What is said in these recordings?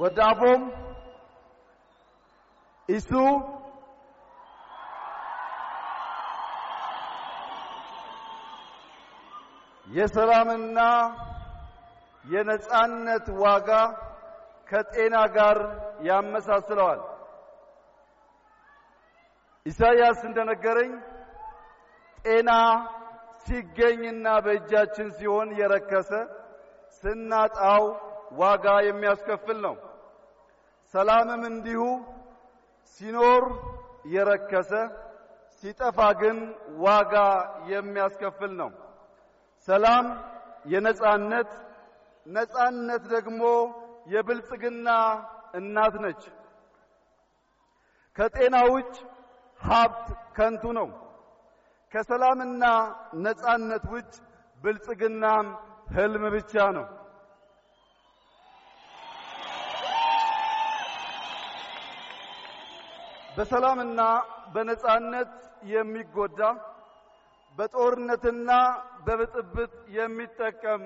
ወዳፎም እሱ የሰላምና የነጻነት ዋጋ ከጤና ጋር ያመሳስለዋል። ኢሳያስ እንደነገረኝ ጤና ሲገኝና በእጃችን ሲሆን የረከሰ ስናጣው ዋጋ የሚያስከፍል ነው። ሰላምም እንዲሁ ሲኖር የረከሰ ሲጠፋ ግን ዋጋ የሚያስከፍል ነው። ሰላም የነጻነት ነጻነት ደግሞ የብልጽግና እናት ነች። ከጤና ውጭ ሀብት ከንቱ ነው። ከሰላምና ነጻነት ውጭ ብልጽግናም ህልም ብቻ ነው። በሰላምና በነጻነት የሚጎዳ በጦርነትና በብጥብጥ የሚጠቀም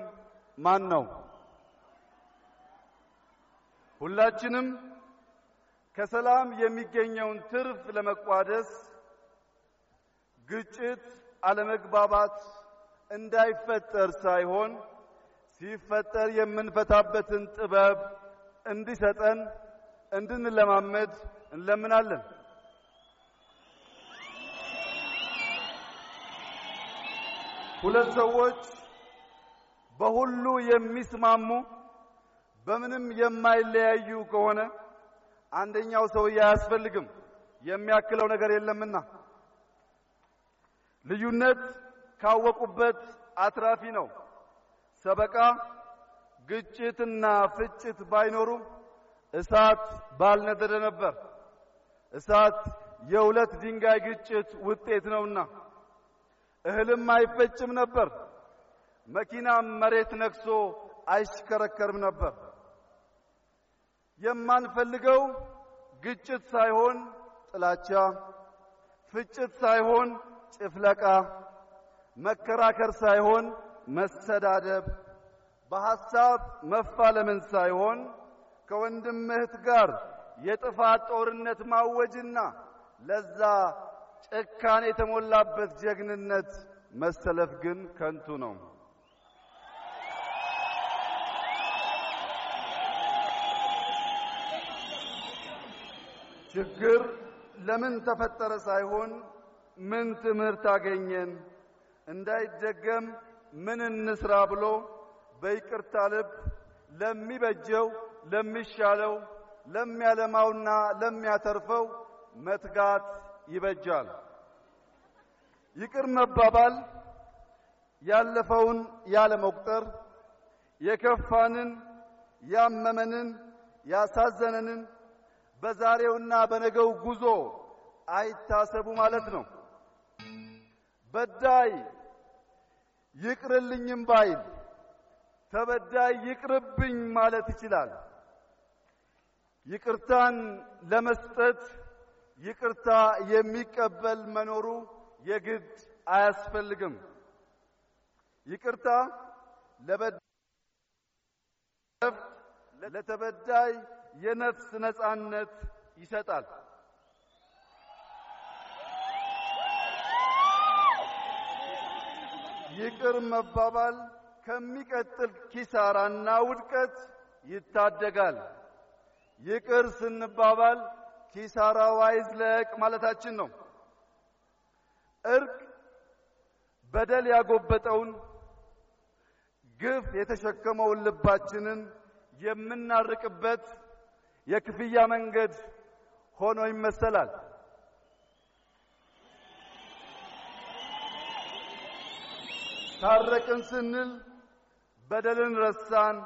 ማን ነው? ሁላችንም ከሰላም የሚገኘውን ትርፍ ለመቋደስ ግጭት፣ አለመግባባት እንዳይፈጠር ሳይሆን ሲፈጠር የምንፈታበትን ጥበብ እንዲሰጠን እንድንለማመድ እንለምናለን። ሁለት ሰዎች በሁሉ የሚስማሙ በምንም የማይለያዩ ከሆነ አንደኛው ሰውዬ አያስፈልግም፣ የሚያክለው ነገር የለምና። ልዩነት ካወቁበት አትራፊ ነው። ሰበቃ፣ ግጭትና ፍጭት ባይኖሩ እሳት ባልነደደ ነበር። እሳት የሁለት ድንጋይ ግጭት ውጤት ነውና እህልም አይፈጭም ነበር። መኪናም መሬት ነክሶ አይሽከረከርም ነበር። የማንፈልገው ግጭት ሳይሆን ጥላቻ፣ ፍጭት ሳይሆን ጭፍለቃ፣ መከራከር ሳይሆን መሰዳደብ፣ በሐሳብ መፋለምን ሳይሆን ከወንድም እህት ጋር የጥፋት ጦርነት ማወጅና ለዛ ጭካኔ የተሞላበት ጀግንነት መሰለፍ ግን ከንቱ ነው። ችግር ለምን ተፈጠረ ሳይሆን ምን ትምህርት አገኘን፣ እንዳይደገም ምን እንስራ ብሎ በይቅርታ ልብ ለሚበጀው ለሚሻለው፣ ለሚያለማውና ለሚያተርፈው መትጋት ይበጃል። ይቅር መባባል ያለፈውን ያለ መቁጠር የከፋንን፣ ያመመንን፣ ያሳዘነንን በዛሬውና በነገው ጉዞ አይታሰቡ ማለት ነው። በዳይ ይቅርልኝም ባይል ተበዳይ ይቅርብኝ ማለት ይችላል። ይቅርታን ለመስጠት ይቅርታ የሚቀበል መኖሩ የግድ አያስፈልግም። ይቅርታ ለተበዳይ የነፍስ ነጻነት ይሰጣል። ይቅር መባባል ከሚቀጥል ኪሳራና ውድቀት ይታደጋል። ይቅር ስንባባል ኪሳራው አይዝለቅ ማለታችን ነው። እርቅ በደል ያጎበጠውን ግፍ የተሸከመውን ልባችንን የምናርቅበት የክፍያ መንገድ ሆኖ ይመሰላል። ታረቅን ስንል በደልን ረሳን፣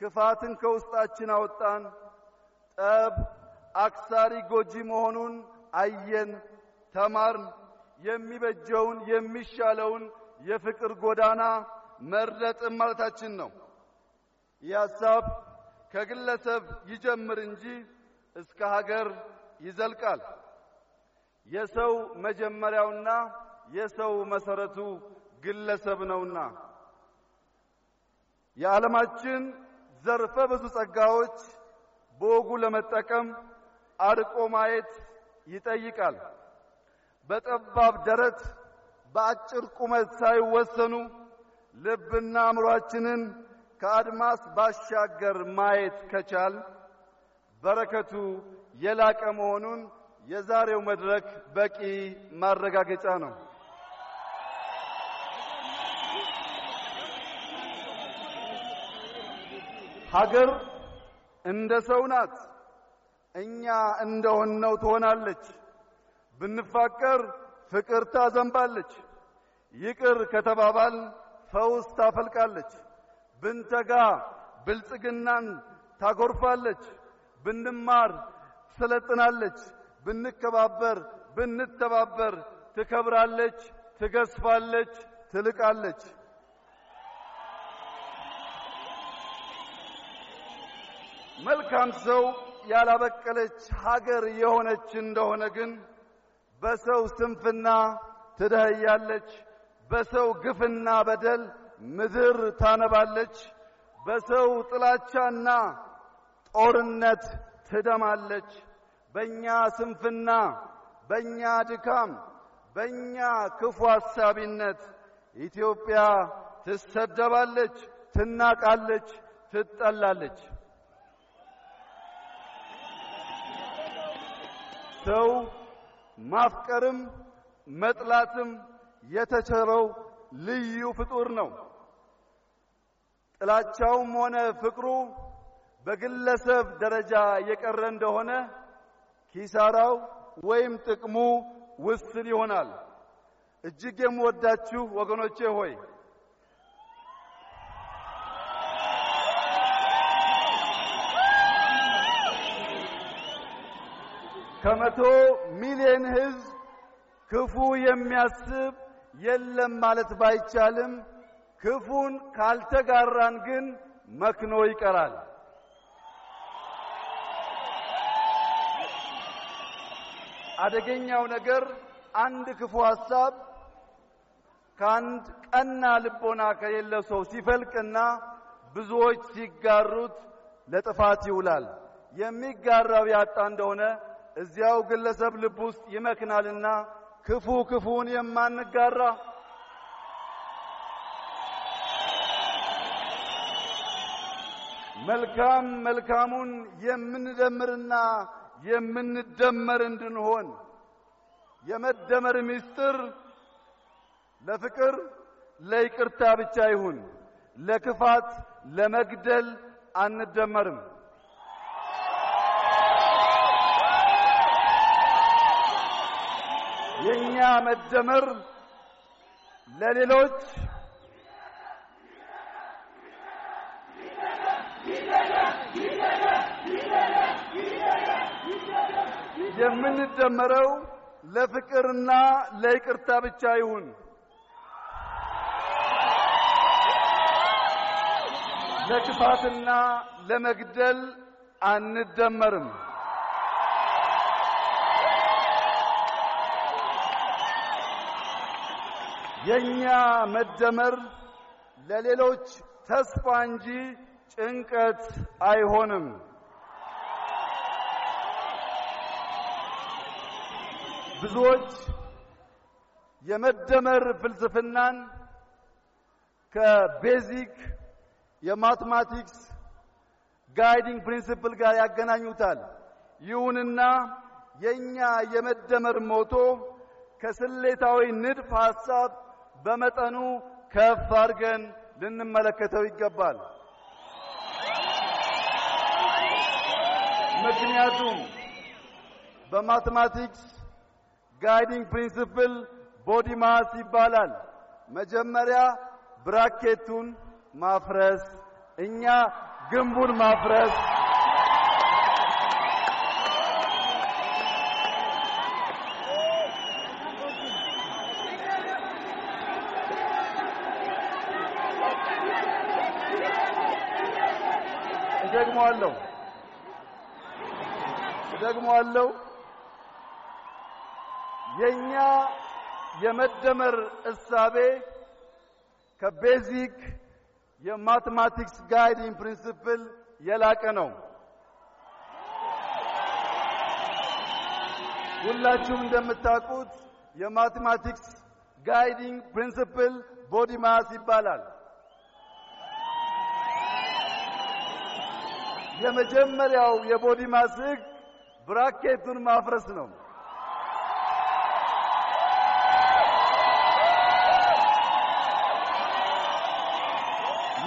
ክፋትን ከውስጣችን አወጣን፣ ጠብ አክሳሪ ጎጂ መሆኑን አየን፣ ተማርን። የሚበጀውን የሚሻለውን የፍቅር ጎዳና መረጥን ማለታችን ነው። ይህ ሐሳብ ከግለሰብ ይጀምር እንጂ እስከ ሀገር ይዘልቃል። የሰው መጀመሪያውና የሰው መሰረቱ ግለሰብ ነውና የዓለማችን ዘርፈ ብዙ ጸጋዎች በወጉ ለመጠቀም አርቆ ማየት ይጠይቃል። በጠባብ ደረት በአጭር ቁመት ሳይወሰኑ ልብና አእምሯችንን ከአድማስ ባሻገር ማየት ከቻል በረከቱ የላቀ መሆኑን የዛሬው መድረክ በቂ ማረጋገጫ ነው። ሀገር እንደ ሰው ናት። እኛ እንደሆነው ትሆናለች። ብንፋቀር ፍቅር ታዘንባለች። ይቅር ከተባባል ፈውስ ታፈልቃለች። ብንተጋ ብልጽግናን ታጎርፋለች። ብንማር ትሰለጥናለች። ብንከባበር ብንተባበር ትከብራለች፣ ትገዝፋለች፣ ትልቃለች። መልካም ሰው ያላበቀለች ሀገር የሆነች እንደሆነ ግን በሰው ስንፍና ትደህያለች፣ በሰው ግፍና በደል ምድር ታነባለች፣ በሰው ጥላቻና ጦርነት ትደማለች። በእኛ ስንፍና፣ በእኛ ድካም፣ በእኛ ክፉ አሳቢነት ኢትዮጵያ ትሰደባለች፣ ትናቃለች፣ ትጠላለች። ሰው ማፍቀርም መጥላትም የተቸረው ልዩ ፍጡር ነው። ጥላቻውም ሆነ ፍቅሩ በግለሰብ ደረጃ የቀረ እንደሆነ ኪሳራው ወይም ጥቅሙ ውስን ይሆናል። እጅግ የምወዳችሁ ወገኖቼ ሆይ ከመቶ ሚሊዮን ህዝብ ክፉ የሚያስብ የለም ማለት ባይቻልም ክፉን ካልተጋራን ግን መክኖ ይቀራል። አደገኛው ነገር አንድ ክፉ ሐሳብ ከአንድ ቀና ልቦና ከሌለ ሰው ሲፈልቅና ብዙዎች ሲጋሩት ለጥፋት ይውላል። የሚጋራው ያጣ እንደሆነ እዚያው ግለሰብ ልብ ውስጥ ይመክናልና ክፉ ክፉን የማንጋራ መልካም መልካሙን የምንደምርና የምንደመር እንድንሆን የመደመር ምስጢር ለፍቅር ለይቅርታ ብቻ ይሁን። ለክፋት ለመግደል አንደመርም። የእኛ መደመር ለሌሎች የምንደመረው ለፍቅርና ለይቅርታ ብቻ ይሁን። ለክፋትና ለመግደል አንደመርም። የኛ መደመር ለሌሎች ተስፋ እንጂ ጭንቀት አይሆንም። ብዙዎች የመደመር ፍልስፍናን ከቤዚክ የማትማቲክስ ጋይዲንግ ፕሪንሲፕል ጋር ያገናኙታል። ይሁንና የኛ የመደመር ሞቶ ከስሌታዊ ንድፍ ሐሳብ በመጠኑ ከፍ አድርገን ልንመለከተው ይገባል። ምክንያቱም በማትማቲክስ ጋይዲንግ ፕሪንሲፕል ቦዲ ማስ ይባላል። መጀመሪያ ብራኬቱን ማፍረስ፣ እኛ ግንቡን ማፍረስ እደግመዋለሁ እደግመዋለሁ። የኛ የመደመር እሳቤ ከቤዚክ የማትማቲክስ ጋይዲንግ ፕሪንሲፕል የላቀ ነው። ሁላችሁም እንደምታውቁት የማትማቲክስ ጋይዲንግ ፕሪንሲፕል ቦዲ ማስ ይባላል። የመጀመሪያው የቦዲ ማስክ ብራኬቱን ማፍረስ ነው።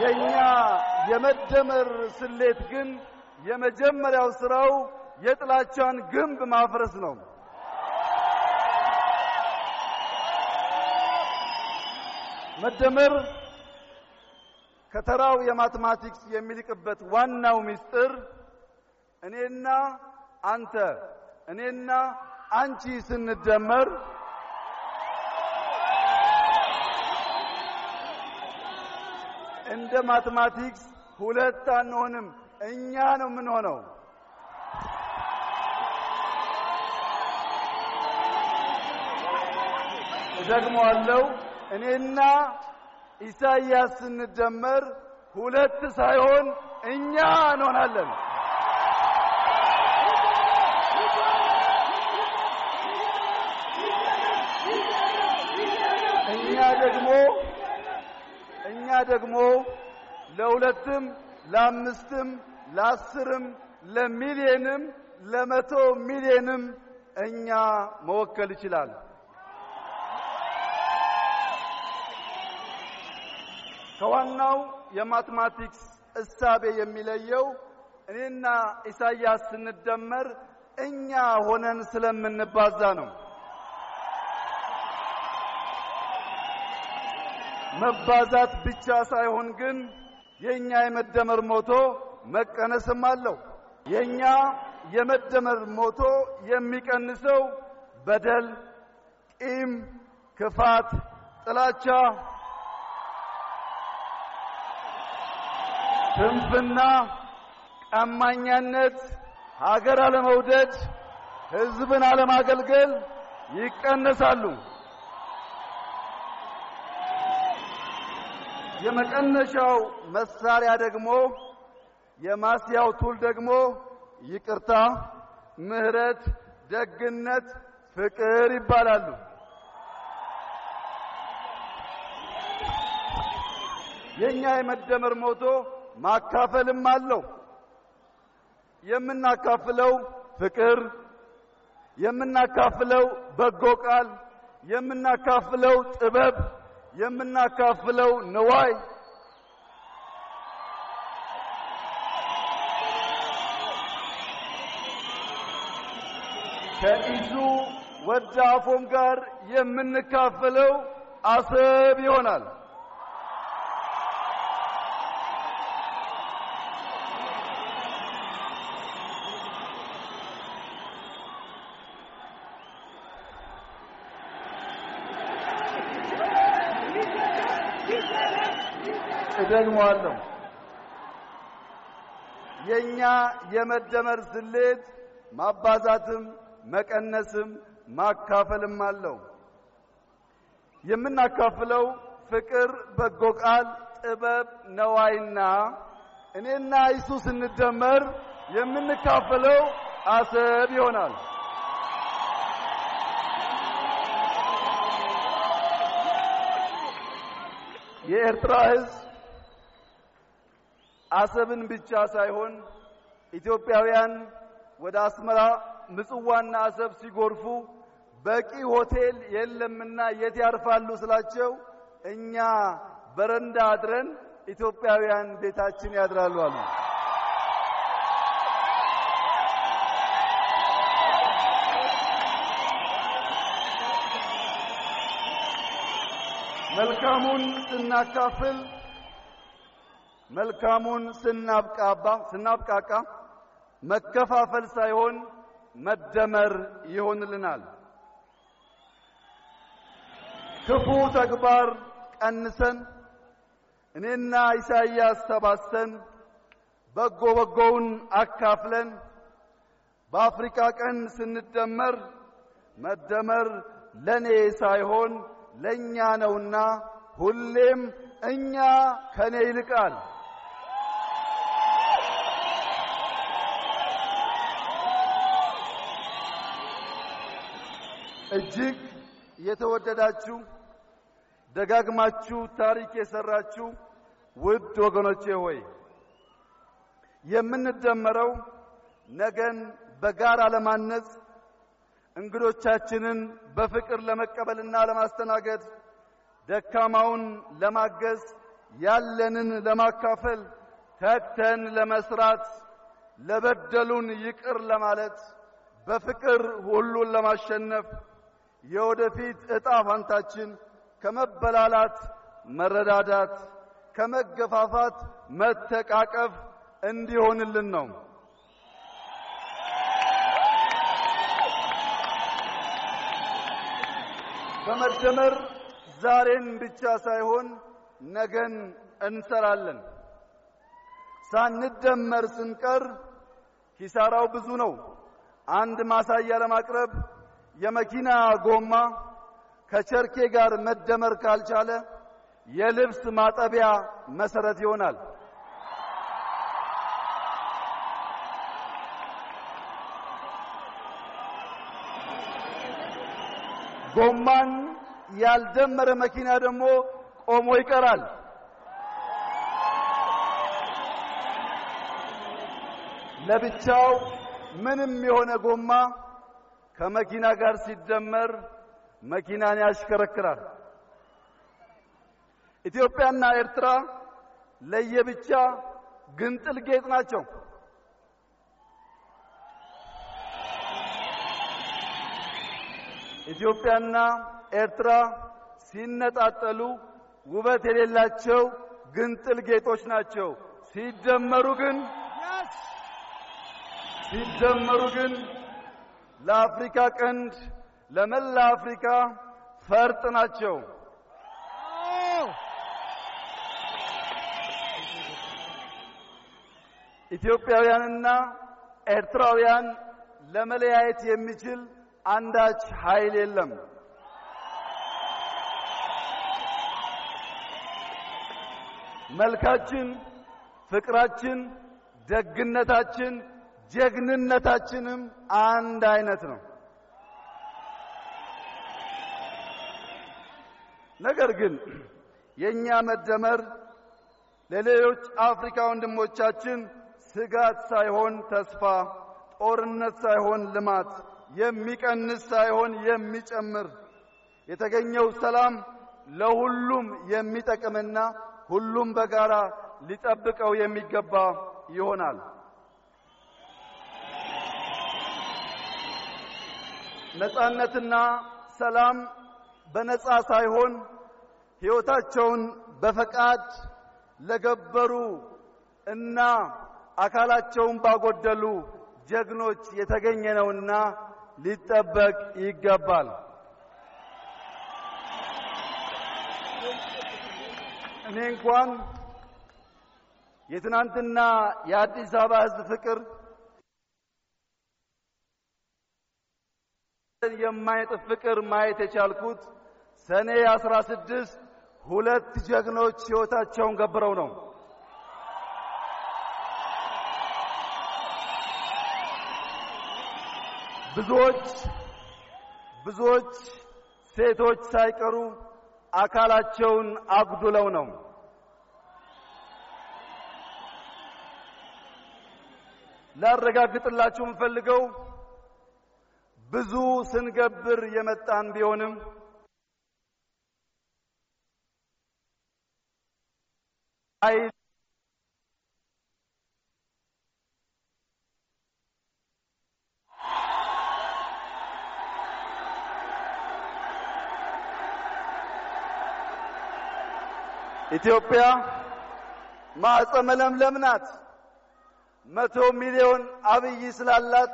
የኛ የመደመር ስሌት ግን የመጀመሪያው ስራው የጥላቻን ግንብ ማፍረስ ነው። መደመር ከተራው የማትማቲክስ የሚልቅበት ዋናው ምስጢር እኔና አንተ እኔና አንቺ ስንደመር እንደ ማትማቲክስ ሁለት አንሆንም፣ እኛ ነው የምንሆነው። አለው እኔና ኢሳይያስ ስንደመር ሁለት ሳይሆን እኛ እንሆናለን። እኛ ደግሞ እኛ ደግሞ ለሁለትም ለአምስትም ለአስርም ለሚሊየንም ለመቶ ሚሊየንም እኛ መወከል ይችላል። ከዋናው የማትማቲክስ እሳቤ የሚለየው እኔና ኢሳያስ ስንደመር እኛ ሆነን ስለምንባዛ ነው። መባዛት ብቻ ሳይሆን ግን የኛ የመደመር ሞቶ መቀነስም አለው። የኛ የመደመር ሞቶ የሚቀንሰው በደል፣ ቂም፣ ክፋት፣ ጥላቻ ስንፍና፣ ቀማኛነት፣ ሀገር አለመውደድ፣ ሕዝብን አለማገልገል ይቀነሳሉ። የመቀነሻው መሳሪያ ደግሞ የማስያው ቱል ደግሞ ይቅርታ፣ ምህረት፣ ደግነት፣ ፍቅር ይባላሉ። የኛ የመደመር ሞቶ ማካፈልም አለው። የምናካፍለው ፍቅር፣ የምናካፍለው በጎ ቃል፣ የምናካፍለው ጥበብ፣ የምናካፍለው ንዋይ ከኢዙ ወደ አፎም ጋር የምንካፈለው አሰብ ይሆናል። እደግመዋለሁ። የእኛ የመደመር ስሌት ማባዛትም መቀነስም ማካፈልም አለው። የምናካፍለው ፍቅር፣ በጎ ቃል፣ ጥበብ፣ ነዋይና እኔና እሱ ስንደመር የምንካፈለው አሰብ ይሆናል። የኤርትራ ሕዝብ አሰብን ብቻ ሳይሆን ኢትዮጵያውያን ወደ አስመራ ምጽዋና አሰብ ሲጎርፉ በቂ ሆቴል የለምና የት ያርፋሉ ስላቸው እኛ በረንዳ አድረን ኢትዮጵያውያን ቤታችን ያድራሉ አሉ። መልካሙን ስናካፍል መልካሙን ስናብቃባ ስናብቃቃ መከፋፈል ሳይሆን መደመር ይሆንልናል። ክፉ ተግባር ቀንሰን እኔና ኢሳይያስ ተባሰን በጎ በጎውን አካፍለን በአፍሪካ ቀን ስንደመር መደመር ለኔ ሳይሆን ለኛ ነውና ሁሌም እኛ ከኔ ይልቃል እጅግ የተወደዳችሁ ደጋግማችሁ ታሪክ የሰራችሁ ውድ ወገኖቼ ሆይ የምንደመረው ነገን በጋራ ለማነጽ እንግዶቻችንን በፍቅር ለመቀበልና ለማስተናገድ ደካማውን ለማገዝ ያለንን ለማካፈል ተግተን ለመስራት ለበደሉን ይቅር ለማለት በፍቅር ሁሉን ለማሸነፍ የወደፊት እጣ ፋንታችን ከመበላላት መረዳዳት፣ ከመገፋፋት መተቃቀፍ እንዲሆንልን ነው። በመደመር ዛሬን ብቻ ሳይሆን ነገን እንሰራለን። ሳንደመር ስንቀር ኪሳራው ብዙ ነው። አንድ ማሳያ ለማቅረብ የመኪና ጎማ ከቸርኬ ጋር መደመር ካልቻለ የልብስ ማጠቢያ መሰረት ይሆናል። ጎማን ያልደመረ መኪና ደግሞ ቆሞ ይቀራል። ለብቻው ምንም የሆነ ጎማ ከመኪና ጋር ሲደመር መኪናን ያሽከረክራል። ኢትዮጵያና ኤርትራ ለየብቻ ግንጥል ጌጥ ናቸው። ኢትዮጵያና ኤርትራ ሲነጣጠሉ ውበት የሌላቸው ግንጥል ጌጦች ናቸው። ሲደመሩ ግን ሲደመሩ ግን ለአፍሪካ ቀንድ ለመላ አፍሪካ ፈርጥ ናቸው። ኢትዮጵያውያንና ኤርትራውያን ለመለያየት የሚችል አንዳች ኃይል የለም። መልካችን፣ ፍቅራችን፣ ደግነታችን ጀግንነታችንም አንድ አይነት ነው። ነገር ግን የኛ መደመር ለሌሎች አፍሪካ ወንድሞቻችን ስጋት ሳይሆን ተስፋ፣ ጦርነት ሳይሆን ልማት፣ የሚቀንስ ሳይሆን የሚጨምር የተገኘው ሰላም ለሁሉም የሚጠቅምና ሁሉም በጋራ ሊጠብቀው የሚገባ ይሆናል። ነጻነትና ሰላም በነጻ ሳይሆን ሕይወታቸውን በፈቃድ ለገበሩ እና አካላቸውን ባጎደሉ ጀግኖች የተገኘ ነውና ሊጠበቅ ይገባል። እኔ እንኳን የትናንትና የአዲስ አበባ ሕዝብ ፍቅር የማይጥፍ ፍቅር ማየት የቻልኩት ሰኔ አስራ ስድስት ሁለት ጀግኖች ሕይወታቸውን ገብረው ነው። ብዙዎች ብዙዎች ሴቶች ሳይቀሩ አካላቸውን አጉድለው ነው። ላረጋግጥላችሁ የምፈልገው ብዙ ስንገብር የመጣን ቢሆንም ኢትዮጵያ ማዕፀ ለምለም ናት። መቶ ሚሊዮን አብይ ስላላት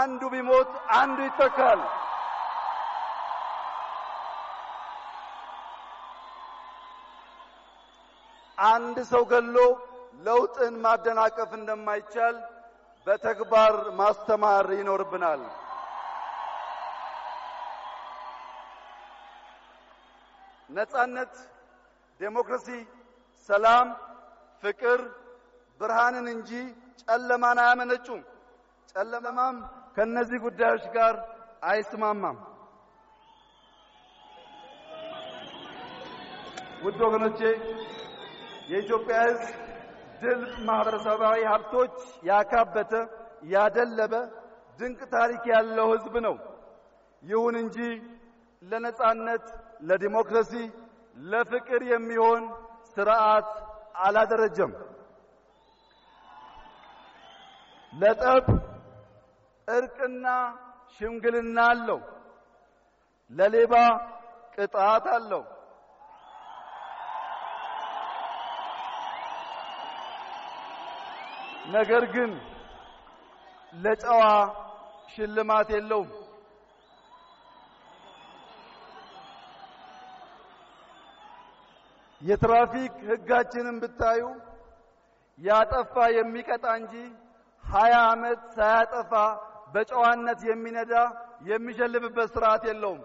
አንዱ ቢሞት አንዱ ይተካል። አንድ ሰው ገሎ ለውጥን ማደናቀፍ እንደማይቻል በተግባር ማስተማር ይኖርብናል። ነጻነት፣ ዴሞክራሲ፣ ሰላም፣ ፍቅር ብርሃንን እንጂ ጨለማን አያመነጩም። ጨለማም ከነዚህ ጉዳዮች ጋር አይስማማም። ውድ ወገኖቼ የኢትዮጵያ ሕዝብ ድል ማህበረሰባዊ ሀብቶች ያካበተ ያደለበ ድንቅ ታሪክ ያለው ሕዝብ ነው። ይሁን እንጂ ለነጻነት፣ ለዲሞክራሲ፣ ለፍቅር የሚሆን ስርዓት አላደረጀም። ለጠብ እርቅና ሽምግልና አለው። ለሌባ ቅጣት አለው። ነገር ግን ለጨዋ ሽልማት የለውም። የትራፊክ ሕጋችንን ብታዩ ያጠፋ የሚቀጣ እንጂ ሀያ ዓመት ሳያጠፋ በጨዋነት የሚነዳ የሚሸልምበት ስርዓት የለውም።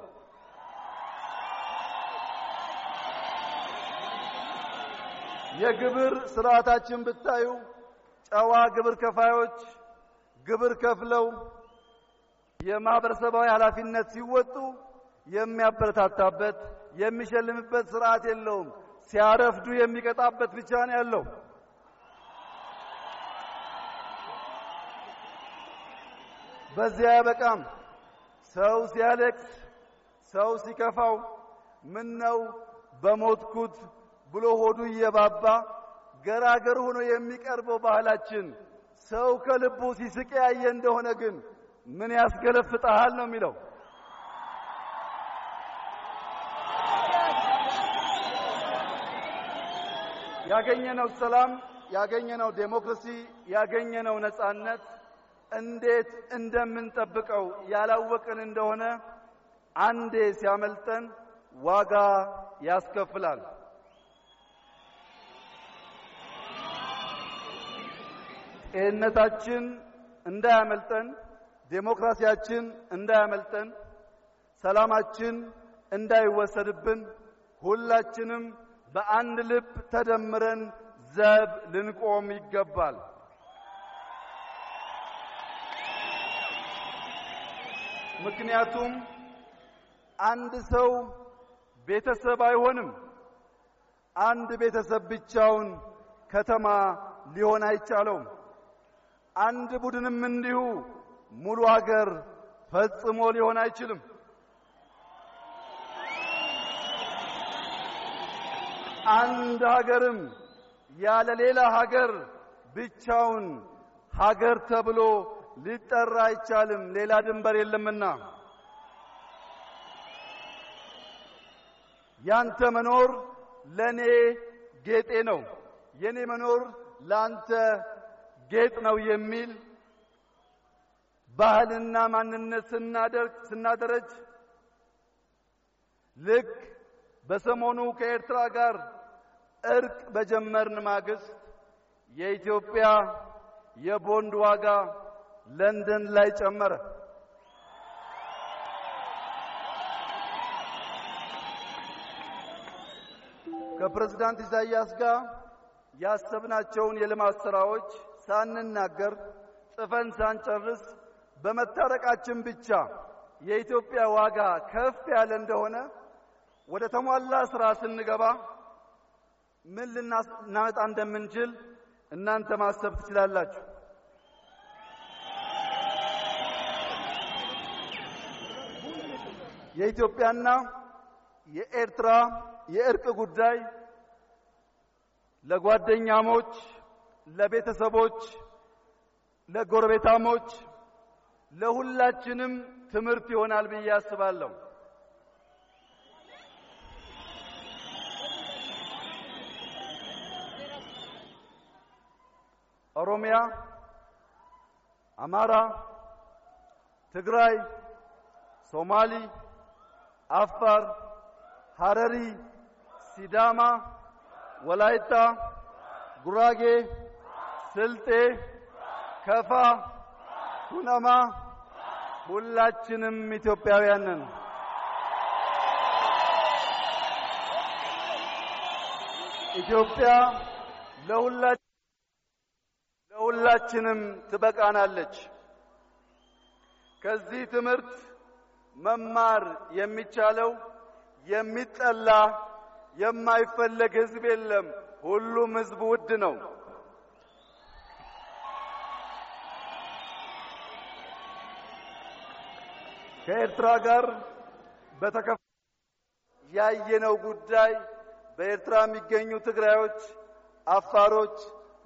የግብር ስርዓታችን ብታዩ ጨዋ ግብር ከፋዮች ግብር ከፍለው የማህበረሰባዊ ኃላፊነት ሲወጡ የሚያበረታታበት የሚሸልምበት ስርዓት የለውም። ሲያረፍዱ የሚቀጣበት ብቻ ነው ያለው። በዚያ ያበቃም። ሰው ሲያለቅስ፣ ሰው ሲከፋው ምን ነው በሞትኩት ብሎ ሆዱ እየባባ ገራገር ሆኖ የሚቀርበው ባህላችን ሰው ከልቡ ሲስቅ ያየ እንደሆነ ግን ምን ያስገለፍጣሃል ነው የሚለው። ያገኘነው ሰላም፣ ያገኘነው ዴሞክራሲ፣ ያገኘነው ነጻነት እንዴት እንደምንጠብቀው ያላወቅን እንደሆነ አንዴ ሲያመልጠን ዋጋ ያስከፍላል። ጤንነታችን እንዳያመልጠን፣ ዴሞክራሲያችን እንዳያመልጠን፣ ሰላማችን እንዳይወሰድብን ሁላችንም በአንድ ልብ ተደምረን ዘብ ልንቆም ይገባል። ምክንያቱም አንድ ሰው ቤተሰብ አይሆንም። አንድ ቤተሰብ ብቻውን ከተማ ሊሆን አይቻለውም። አንድ ቡድንም እንዲሁ ሙሉ አገር ፈጽሞ ሊሆን አይችልም። አንድ ሀገርም ያለ ሌላ ሀገር ብቻውን ሀገር ተብሎ ሊጠራ አይቻልም፣ ሌላ ድንበር የለምና ያንተ መኖር ለኔ ጌጤ ነው፣ የኔ መኖር ለአንተ ጌጥ ነው የሚል ባህልና ማንነት ስናደርግ ስናደረጅ ልክ በሰሞኑ ከኤርትራ ጋር እርቅ በጀመርን ማግስት የኢትዮጵያ የቦንድ ዋጋ ለንደን ላይ ጨመረ። ከፕሬዝዳንት ኢሳያስ ጋር ያሰብናቸውን የልማት ስራዎች ሳንናገር ጽፈን ሳንጨርስ በመታረቃችን ብቻ የኢትዮጵያ ዋጋ ከፍ ያለ እንደሆነ ወደ ተሟላ ስራ ስንገባ ምን ልናመጣ እንደምንችል እናንተ ማሰብ ትችላላችሁ። የኢትዮጵያና የኤርትራ የእርቅ ጉዳይ ለጓደኛሞች፣ ለቤተሰቦች፣ ለጎረቤታሞች ለሁላችንም ትምህርት ይሆናል ብዬ አስባለሁ። ኦሮሚያ፣ አማራ፣ ትግራይ፣ ሶማሊ አፋር፣ ሀረሪ ሲዳማ፣ ወላይታ፣ ጉራጌ፣ ስልጤ፣ ከፋ፣ ኩነማ ሁላችንም ኢትዮጵያውያን ነን። ኢትዮጵያ ለሁላችንም ትበቃናለች። ከዚህ ትምህርት መማር የሚቻለው የሚጠላ የማይፈለግ ህዝብ የለም። ሁሉም ህዝብ ውድ ነው። ከኤርትራ ጋር በተከፈ ያየነው ጉዳይ በኤርትራ የሚገኙ ትግራዮች፣ አፋሮች፣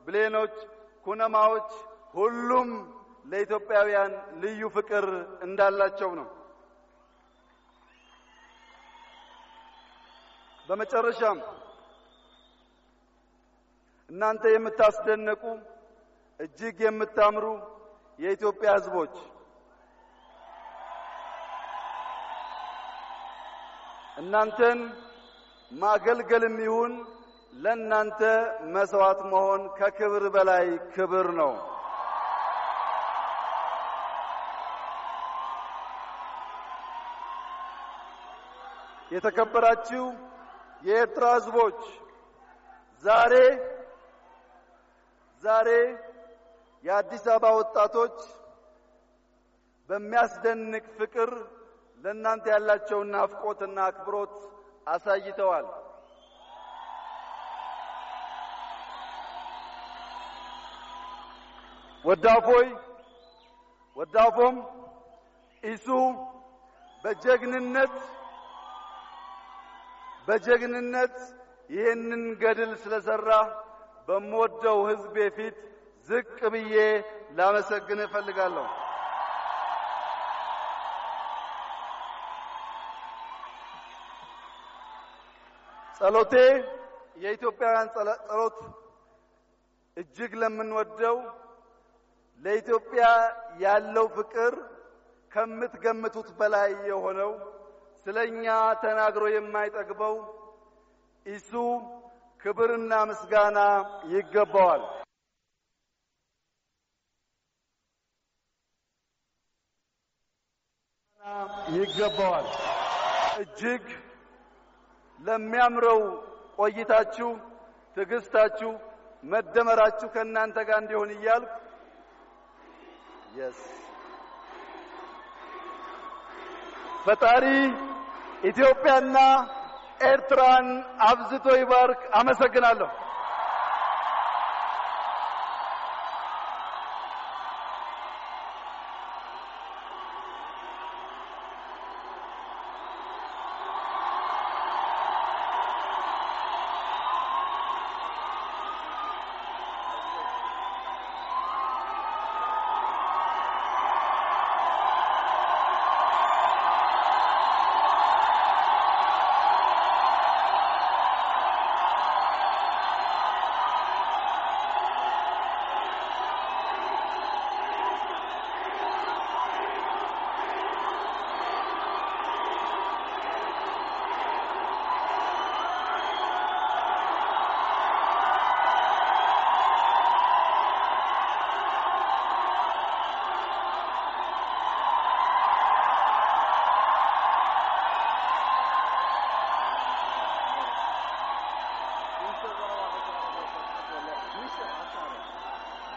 ብሌኖች፣ ኩነማዎች ሁሉም ለኢትዮጵያውያን ልዩ ፍቅር እንዳላቸው ነው። በመጨረሻም እናንተ የምታስደነቁ እጅግ የምታምሩ የኢትዮጵያ ህዝቦች እናንተን ማገልገልም ይሁን ለእናንተ መስዋዕት መሆን ከክብር በላይ ክብር ነው። የተከበራችሁ የኤርትራ ህዝቦች ዛሬ ዛሬ የአዲስ አበባ ወጣቶች በሚያስደንቅ ፍቅር ለእናንተ ያላቸውን ናፍቆትና አክብሮት አሳይተዋል። ወዳፎይ ወዳፎም ኢሱ በጀግንነት በጀግንነት ይህንን ገድል ስለሰራ በምወደው ሕዝቤ ፊት ዝቅ ብዬ ላመሰግን እፈልጋለሁ። ጸሎቴ የኢትዮጵያውያን ጸሎት እጅግ ለምንወደው ለኢትዮጵያ ያለው ፍቅር ከምትገምቱት በላይ የሆነው ስለኛ ተናግሮ የማይጠግበው እሱ ክብርና ምስጋና ይገባዋል። ይገባዋል። እጅግ ለሚያምረው ቆይታችሁ፣ ትዕግስታችሁ፣ መደመራችሁ ከእናንተ ጋር እንዲሆን እያልኩ የስ ፈጣሪ ኢትዮጵያና ኤርትራን አብዝቶ ይባርክ። አመሰግናለሁ።